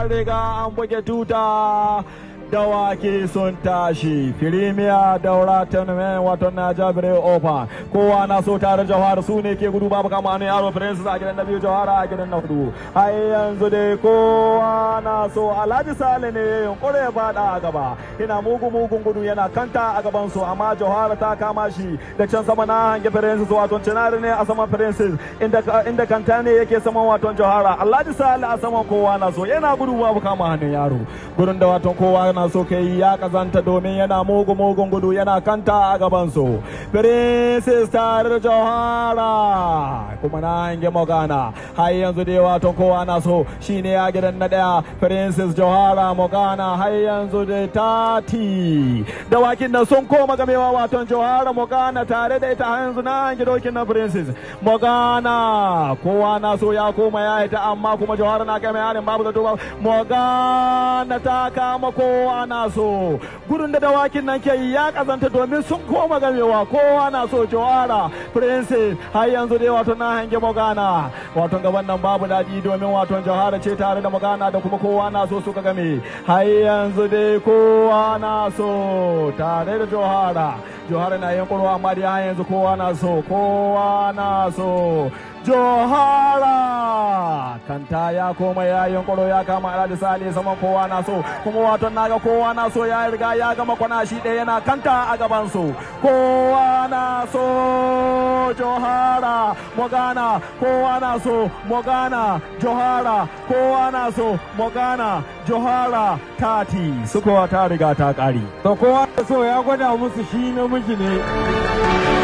an riga an buge tuta dawaki sun tashi firimiya daura ta numen wato na jabire ofa kowa na so tare jawar su ne ke gudu babu kama ne yaro princess a gidan na biyu jawar a gidan na hudu ai yanzu dai kowa na so alhaji sale ne ya yunkure ya fada a gaba ina mugu mugun gudu yana kanta a gaban su amma jawar ta kama shi da can sama na hange princess wato cinari ne a saman princess inda inda kanta ne yake saman wato jawar alhaji sale a saman kowa na so yana gudu babu kama hannun yaro gudun da wato kowa na na so yi ya kazanta domin yana mugu mugun gudu yana kanta a gaban su Princess Tarar Johara kuma na hange Mogana har yanzu dai wato kowa na so shine ya gidan na daya Princess Johara Mogana har yanzu dai tati wakin nan sun koma gamewa wato Johara Mogana tare da ita har yanzu na hange dokin na Princess Mogana kowa na so ya koma ya ita amma kuma Johara na kai mai harin babu zato ba Mogana ta kama kowa kowa na so gudun da dawakin nan ke yi ya kazanta domin sun koma gamewa kowa na so jawara prince har yanzu dai wato na hange magana wato gaban nan babu daɗi domin wato jawara ce tare da magana da kuma kowa na so suka game har yanzu dai kowa na so tare da jawara jawara na yin amma dai har yanzu kowa na so kowa na so jawara kanta ya koma ya yankoro ya kama alhaji sali saman kowa na so kuma wato naga kowa na so ya riga ya gama kwana shi ɗaya yana kanta a gaban su kowa na so johara mogana kowa na so mogana johara kowa na so mogana johara tati kowa ta riga ta ƙari to kowa so ya gwada musu shi namiji ne